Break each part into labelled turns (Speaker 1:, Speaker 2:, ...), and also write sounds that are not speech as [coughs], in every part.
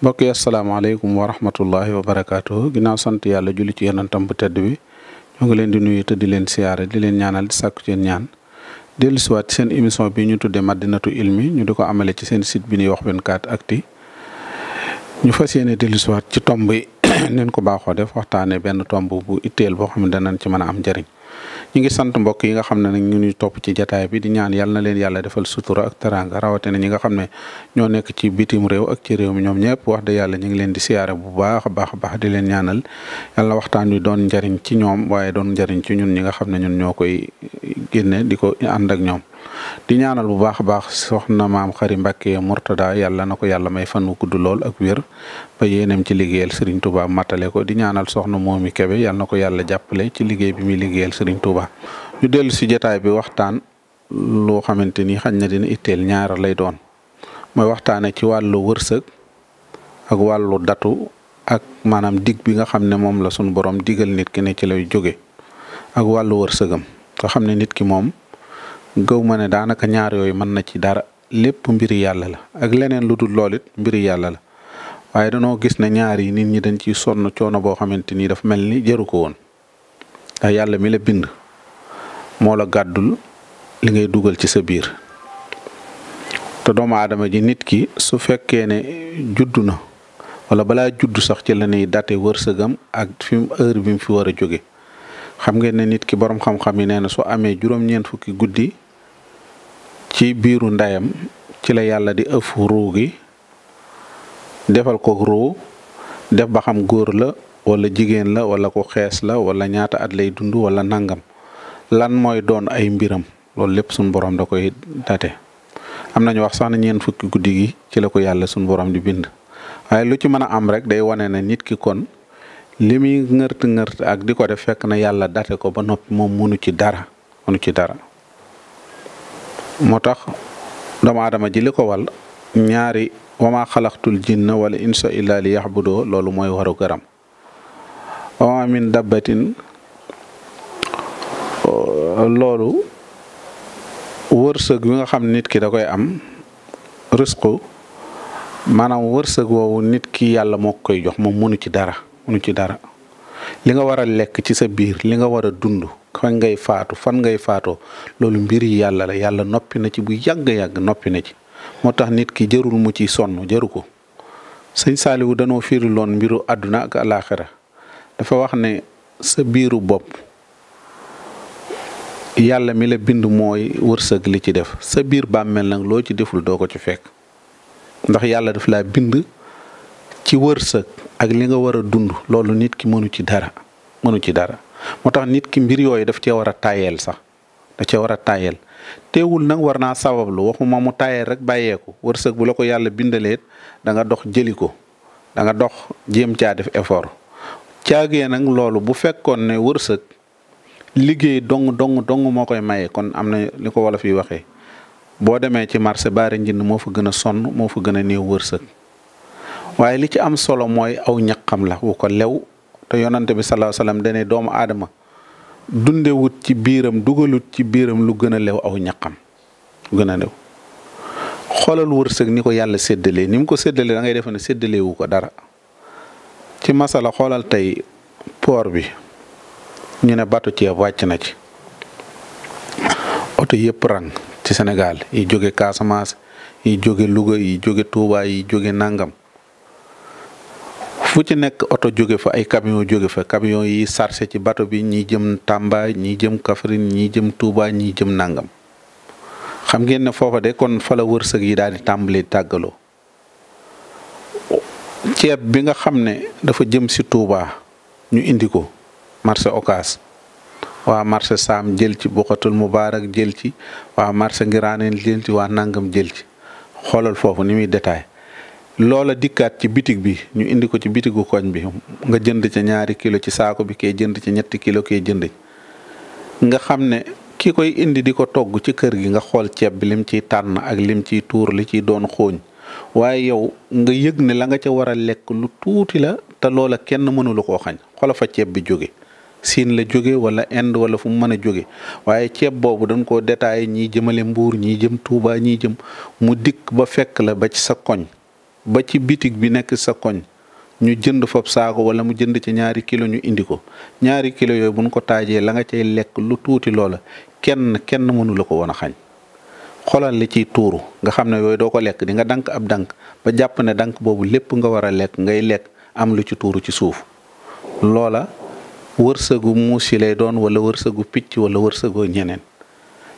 Speaker 1: mbokk yi asalaamaaleykum wa rahmatullahi wa barakaatu ginnaaw sant yàlla julli ci yonentam bu tedd bi ñoo ngi leen di nuyu te di leen siyaare di leen ñaanal di sàkku seen ñaan dellusiwaat seen émission bi ñu tuddee madinatu ilmi ñu di ko amale ci seen site bi ñuy wax ak actu ñu fas yéene dellusiwaat ci tomb yi [coughs] neen ko baaxoo def waxtaanee benn tomb bu itteel boo xam ne danañ ci mën a am njariñ ñu ngi sant mbokk yi nga xam ne nag ñu ngi topp ci jataay bi di ñaan yàlla na leen yàlla defal sutura ak teraanga rawatina ñi nga xam ne ñoo nekk ci bitim réew ak ci réew mi ñoom ñëpp wax dëgg yàlla ñu ngi leen di siyaare bu baax a baax a baax di leen ñaanal yàlla waxtaan wi doon njariñ ci ñoom waaye doon njariñ ci ñun ñi nga xam ne ñun ñoo koy génne di ko ànd ak ñoom di ñaanal bu baax a baax soxna maam xari Mbàkke Murtada yàlla na ko yàlla may fan wu gudd lool ak wér ba yéenam ci liggéeyal Serigne Touba matale ko di ñaanal soxna moomi Kebe yàlla na ko yàlla jàppale ci liggéey bi muy liggéeyal Serigne Touba. ñu dellu si jotaay bi waxtaan loo xamante ni xañ na dina itteel ñaara lay doon mooy waxtaanee ci wàllu wërsëg ak wàllu datu ak maanaam dig bi nga xam ne moom la sunu borom digal nit ki ne ci lay jóge ak wàllu wërsëgam nga xam nit ki moom. gëw ma ne daanaka ñaar yooyu mën na ci dara lépp mbiri yàlla la ak leneen lu dul lool it mbiri yàlla la waaye danoo gis ne ñaar yi nit ñi dañ ciy sonn coono boo xamante nii dafa mel ni jëru ko woon ndax yàlla mi la bind moo la gàddul li ngay dugal ci sa biir te doomu aadama ji nit ki su fekkee ne juddu na wala balaa juddu sax ci la ñuy wër wërsëgam ak fi mu heure bi fi war a jóge xam ngeen ne nit ki borom xam-xam yi nee na su amee juróom-ñeent fukki guddi. ci biiru ndeyam ci la yàlla di ëf ruu gi defal ko ruu def ba xam góor la walla jigéen la wala ko xees la wala ñaata at lay dund wala nangam lan mooy doon ay mbiram loolu lépp suñu borom da koy date am nañu wax sax ne ñeent fukki guddi gi ci la ko yàlla suñu borom di bind waaye lu ci mën a am rek day wane ne nit ki kon li muy ngërt ngërt ak di ko def fekk na yàlla date ko ba noppi moom mënu ci dara mënu ci dara moo tax doomu aadama ji ko wal ñaari wama xalaqtul jinna wala insa illa li yaxbudoo loolu mooy waru garam wama min dabbatin loolu wërsëg wi nga xam nit ki da koy am risqu maanaam wërsëg woowu nit ki yàlla moo koy jox moom mënu ci dara mënu ci dara li nga war lekk ci sa biir li nga war a dund fan ngay faatu fan ngay faatoo loolu mbir yi yàlla la yàlla noppi na ci bu yàgg-yàgg noppi na ci moo tax nit ki jarul mu ci sonn jëru ko sëñ Saaliwu danoo firi loon mbiru àdduna ak alaaxira dafa wax ne sa biiru bopp yàlla mi la bind mooy wërsëg li ci def sa biir bàmmeel nag loo ci deful doo ko ci fekk ndax yàlla def laa bind ci wërsëg ak li nga war a dund loolu nit ki mënu ci dara mënu ci dara moo tax nit ki mbir yooyu daf cee war a tayeel sax da cee war a tayeel teewul nag war naa sabablu waxuma mu tayeel rek bàyyeeku wërsëg bu la ko yàlla bindaleet danga dox jëli ko da dox jéem caa def effort caagee nag loolu bu fekkoon ne wërsëg liggéey dong dong dong moo koy maye kon am na li ko wolof yi waxee boo demee ci marché baari njënd moo fa gën a sonn moo fa gën a néew wërsëg waaye li ci am solo mooy aw ñaqam la wu ko lew te yonante bi salaahu salaam dane doomu aadama dundewut ci biiram dugalut ci biiram lu gën a lew aw ñaqam lu gën a lew xoolal wërsëg ni ko yàlla séddalee ni mu ko séddalee da ngay defe ne séddalewu ko dara ci masala xoolal tey poor bi ñu ne bateau ceeb wàcc na ci oto yëpp rang ci Sénégal yi jóge Casamance yi jóge Louga yi jóge Touba yi jóge Nangam fu ci nekk oto jóge fa ay camion jóge fa camion yi sarse ci bato bi ñi jëm Tamba ñi jëm Kaffrine ñi jëm Touba ñi jëm Nangam xam ngeen ne foofa de kon fa la wërsëg yi daal di tàmbali tàggaloo ceeb bi nga xam ne dafa jëm si Touba ñu indi ko marché okaas waa marché Saam jël ci Bokatul Mubaarak jël ci waa marché Ngiraaneen jël ci waa Nangam jël ci xoolal foofu ni muy détaillé loola dikkaat ci bitig bi ñu indi ko ci bitigu koñ bi nga jënd ca ñaari kilo ci saako bi kee jënd ca ñetti kilo kee jënd nga xam ne ki koy indi di ko togg ci kër gi nga xool ceeb bi lim ciy tànn ak lim ciy tuur li ciy doon xooñ waaye yow nga yëg ne la nga ca war a lekk lu tuuti la te loola kenn mënulu koo xañ xola fa ceeb bi jóge siin la jóge wala ind wala fu mu mën a jóge waaye ceeb boobu dañ koo détaillé ñii jëmale mbuur ñii jëm Tuuba ñii jëm mu dikk ba fekk la ba ci sa koñ ba ci bitig bi nekk sa koñ ñu jënd fab saako wala mu jënd ci ñaari kilo ñu indi ko ñaari kilo yooyu buñ ko taajee la nga cay lekk lu tuuti loola kenn kenn mënu la ko woon a xañ xolal li ciy tuuru nga xam ne yooyu doo ko lekk di nga dank ab dank ba jàpp ne dank boobu lépp nga war a lekk ngay lekk am lu ci tuuru ci suuf loola wërsëgu muusi lay doon wala wërsëgu picc wala wërsëgoo ñeneen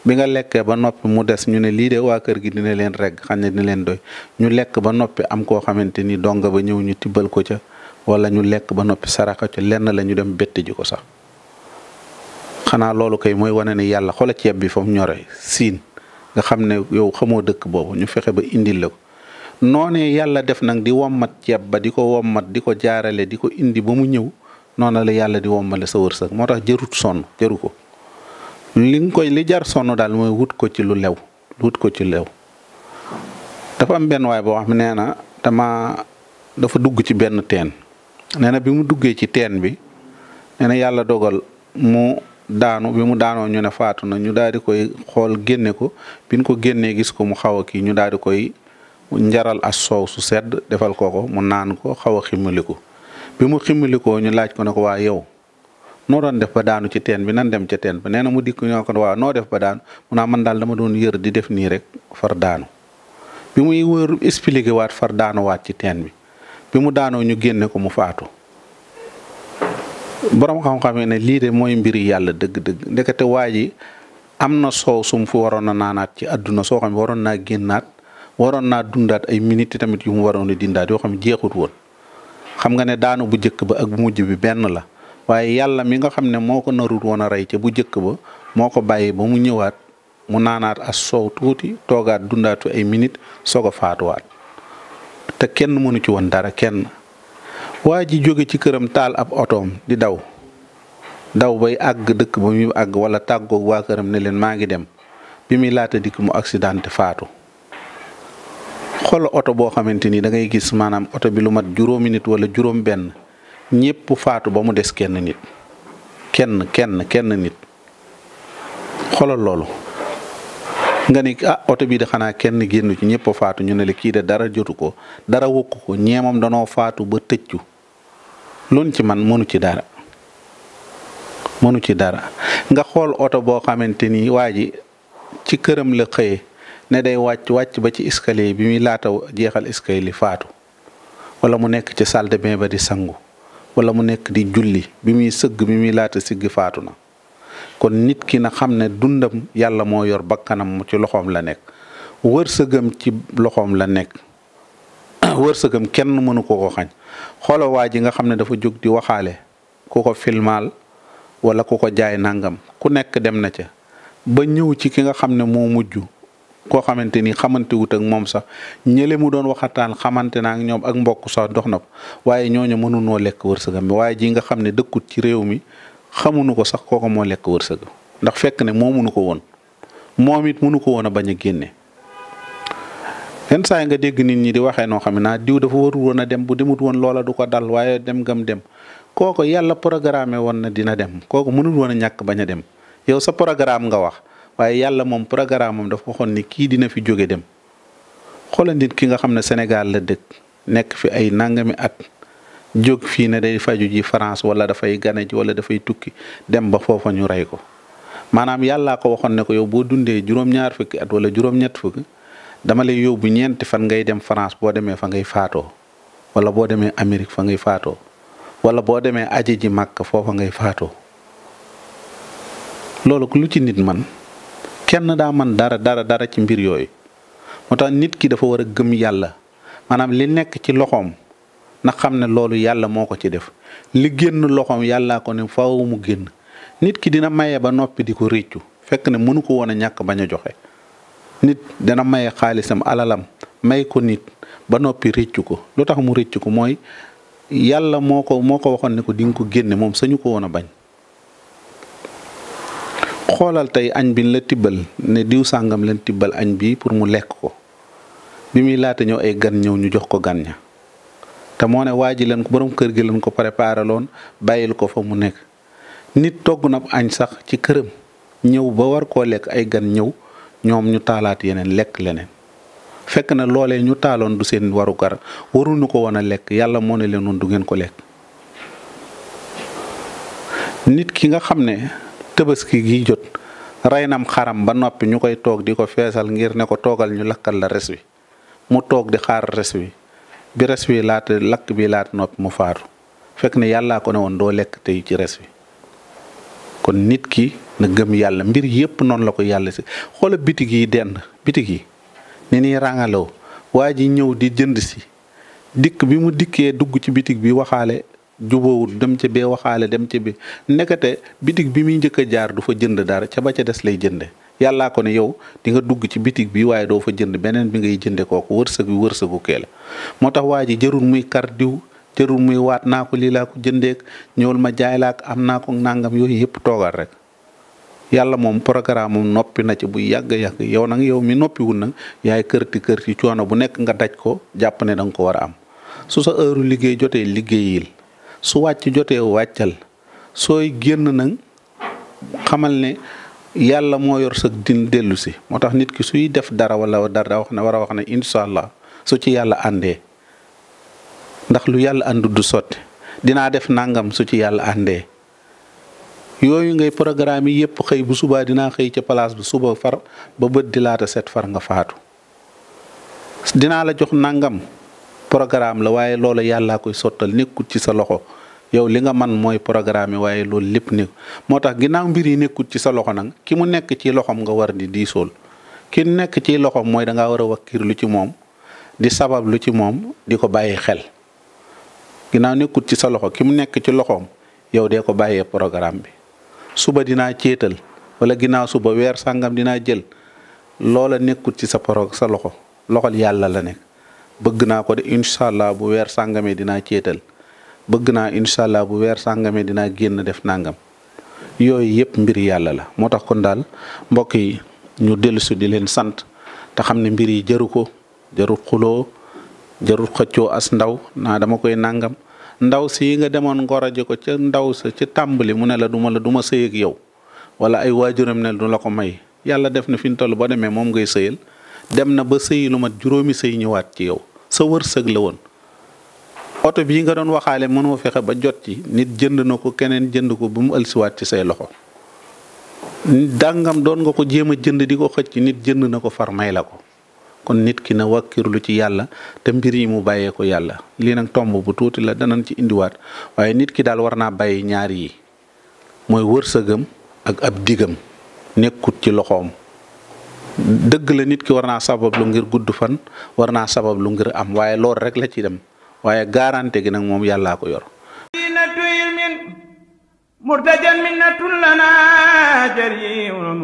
Speaker 1: bi nga lekkee ba noppi mu des ñu ne lii de waa kër gi dina leen regg xam ne dina leen doy ñu lekk ba noppi am koo xamante ni donga ba ñëw ñu tibbal ko ca wala ñu lekk ba noppi saraka ca lenn la ñu dem bett ji ko sax xanaa loolu kay mooy wane ne yàlla xoola ceeb bi fa mu ñore siin nga xam ne yow xamoo dëkk boobu ñu fexe ba indil la ko noonee yàlla def nag di wommat ceeb ba di ko wommat di ko jaarale di ko indi ba mu ñëw noona la yàlla di wommale sa wërsëg moo tax jërut sonn jëru ko li nga koy li jar sonn daal mooy wut ko ci lu lew wut ko ci lew dafa am benn waay boo xam nee na dama dafa dugg ci benn teen nee na bi mu duggee ci teen bi nee yàlla dogal mu daanu bi mu daanoo ñu ne faatu na ñu daal di koy xool génne ko bi ñu ko génnee gis ko mu xaw a kii ñu daal di koy njaral a soow su sedd defal ko ko mu naan ko xaw a ko bi mu ximmilikoo ñu laaj ko ne ko waa yow noo doon def ba daanu ci teen bi nan dem ca teen bi nee na mu dikk ñoo ko waaw noo def ba daanu mu naa ah, man daal dama doon yër di def nii rek far daanu bi muy wër expliqué waat far daanuwaat ci teen bi bi mu daanoo ñu génne ko mu faatu boroom xam-xam ne lii de mooy mbiri yàlla dëgg-dëgg ndekete waa ji am na soow sum fu waroon na naanaat ci àdduna soo xam waroon naa génnaat waroon naa dundaat ay minutes tamit yu mu waroon a dindaat yoo xam ne jeexut woon xam nga ne daanu bu njëkk ba ak mujj bi benn la. waaye yàlla mi nga xam ne moo ko narut woon a rey ca bu jëkk ba moo ko bàyyi ba mu ñëwaat mu naanaat as soow tuuti toogaat dundaatu ay minit soog a faatuwaat te kenn mënu ci woon dara kenn waa ji jóge ci këram taal ab otoom di daw daw bay àgg dëkk ba muy àgg wala tàggoog waa këram ne leen maa ngi dem bi muy laata dikk mu accidenté faatu xool oto boo xamante ni da ngay gis maanaam oto bi lu mat juróomi nit wala juróom benn ñépp faatu ba mu des kenn nit kenn kenn kenn nit xolal loolu nga ni a ah, oto bii de xanaa kenn génn ci ñëpp faatu ñu ne la kii de dara jotu ko dara wukk ko ñeemam danoo faatu ba tëccu luñ ci man mënu ci dara mënu ci dara nga xool oto boo xamante ni waa ci këram la xëye ne day wàcc wàcc ba ci escalier bi muy laata jeexal escalier li faatu wala mu nekk ci salle de ba di sangu wala mu nekk di julli bi muy sëgg bi muy laata siggi faatu na kon nit ki na xam ne dundam yàlla moo yor bakkanam ci loxoom la nekk wërsëgam ci loxoom la nekk [coughs] wërsëgam kenn mënu ko ko xañ xoolal waa ji nga xam ne dafa jóg di waxaale ku ko filmaal wala ku ko jaay nangam ku nekk dem na ca ba ñëw ci ki nga xam ne moo mujj koo xamante ni xamante wut ak moom sax ñële mu doon waxataan xamante naa ak ñoom ak mbokk sax dox na ko waaye ñooñu mënunoo lekk wërsëgam bi waaye jii nga xam ne dëkkut ci réew mi xamuñu ko sax kooko moo lekk wërsëgam ndax fekk ne moo munu ko woon moom it munu ko woon a bañ a génne. yenn saa nga dégg nit ñi di waxee noo xam ne naa diw dafa warul woon a dem bu demut woon loola du ko dal waaye dem gam dem kooko yàlla programme woon na dina dem kooku mënul woon a ñàkk bañ a dem waaye yàlla moom programme am dafa waxoon ni kii dina fi jóge dem xoola nit ki nga xam ne Sénégal la dëkk nekk fi ay nangami at jóg fii ne day faju ji France wala dafay gane ji wala dafay tukki dem ba foofa ñu rey ko maanaam yàllaa ko waxoon ne ko yow boo dundee juróom-ñaar fukki at wala juróom-ñett fukk dama lay yóbbu ñeenti fan ngay dem France boo demee fa ngay faatoo wala boo demee Amérique fa ngay faatoo wala boo demee aji ji màkk foofa ngay faatoo loolu ci nit man kenn daa man dara dara dara ci mbir yooyu moo tax nit ki dafa war a gëm yàlla maanaam li nekk ci loxoom na xam ne loolu yàlla moo ko ci def li génn loxoom yàllaa ko ne faaw mu génn nit ki dina maye ba noppi di ko réccu fekk ne mënu ko woon a ñàkk bañ a joxe nit dana maye xaalisam alalam may ko nit ba noppi réccu ko lu tax mu réccu ko mooy yàlla moo ko moo ko waxoon ne ko di nga ko génne moom sañu ko woon a bañ xoolal tey añ bi la tibbal ne diw sàngam leen tibbal añ bii pour mu lekk ko bi muy laata ñëw ay gan ñëw ñu jox ko gan ña te moo ne waa ji leen ko borom kër gi leen ko préparé loon bàyyil ko fa mu nekk nit togg na añ sax ci këram ñëw ba war koo lekk ay gan ñëw ñoom ñu taalaat yeneen lekk leneen fekk na loole ñu taaloon du seen waru gar waruñu ko woon a lekk yàlla moo ne leen woon du ngeen ko lekk nit ki nga xam ne tëbaski gi jot rey nam xaram ba noppi ñu koy toog di ko feesal ngir ne ko toogal ñu lakkal la res wi mu toog di xaar res wi bi res wi laata lakk bi laata noppi mu faatu fekk na yàlla ko ne woon doo lekk tey ci res wi kon nit ki na gëm yàlla mbir yépp noonu la ko yàlla si xoola bitig yi dend bitig yi ni nii ràngaloo waa ji ñëw di jënd si dikk bi mu dikkee dugg ci bitig bi waxaale jubóowul dem ci bee waxaale dem ci bi nekkate bitig bi muy njëkk jaar du fa jënd dara ca ba ca des lay jënde yàllaa ko ne yow di nga dugg ci bitig bi waaye doo fa jënd beneen bi ngay jënde kooku wërsëg wi wërsëgu kee la moo tax waa ji jërul muy kar diw jërul muy waat naa ko lii laa ko jëndeek ñëwal ma jaaylaak am naa ko nangam yooyu yëpp toogal rek yàlla moom programme moom noppi na ci bu yàgg yàgg yow nag yow mi noppiwul nag yaay kërti kërti coono bu nekk nga daj ko jàpp ne da nga ko war a am su sa liggéey jotee liggéeyil su wàcc jotee wàccal sooy génn nag xamal ne yàlla moo yor sa din dellu moo tax nit ki suy def dara wala dara wax na wara wax na incha allah su ci yàlla àndee ndax lu yàlla àndu du sotti dinaa def nangam su ci yàlla àndee yooyu ngay programme yi yëpp xëy bu subaa dinaa xëy ca palaas bu suba far ba bët di laata set far nga faatu dinaa la jox nangam. programme la waaye loola yàllaa koy sottal nekkut ci sa loxo yow li nga man mooy programme yi waaye loolu lépp ni moo tax ginnaaw mbir yi nekkut ci sa loxo nag ki mu nekk ci loxom nga war di diisool ki nekk ci loxom mooy da war a wakkir lu ci moom di sabab lu ci moom di ko bàyyi xel ginnaaw nekkut ci sa loxo ki mu nekk ci loxoom yow dee ko bàyyee programme bi suba dinaa céetal wala ginnaaw suba weer sàngam dinaa jël loola nekkut ci sa pro sa loxo loxol yàlla la nekk bëgg naa ko de incha allah bu weer sàngamee dinaa céetal bëgg naa incha allah bu weer sàngamee dinaa génn def nangam yooyu yëpp mbir yàlla la moo tax kon daal mbokk yi ñu dellusu di leen sant te xam ne mbir yi jaru ko jaru xuloo jaru xëccoo as ndaw naa dama koy nangam ndaw sii nga demoon ngoraje ko ca ndaw sa ca tàmbali mu ne la duma la duma sëy ak yow wala ay waajuram ne lu la ko may yàlla def na fi ñu toll boo demee moom ngay sëyal dem na ba sëyi lu mat juróomi sëy ñëwaat ci yow sa wërsëg la woon oto bii nga doon waxaale mënoo fexe ba jot ci nit jënd na ko keneen jënd ko ba mu ëlsiwaat ci say loxo dàngam doon nga ko jéem a jënd di ko xëcc nit jënd na ko far may la ko kon nit ki na wàkkirlu ci yàlla te mbir yi mu bàyyee ko yàlla lii nag tomb bu tuuti la danañ ci indiwaat waaye nit ki daal war naa bàyyi ñaar yi mooy wërsëgam ak ab digam nekkut ci loxoom dëgg la nit ki war naa sabab lu ngir gudd fan war naa sabab lu ngir am waaye loolu rek la ci dem waaye garantie gi nag moom yàllaa ko yor murtajan minnatun lana jariun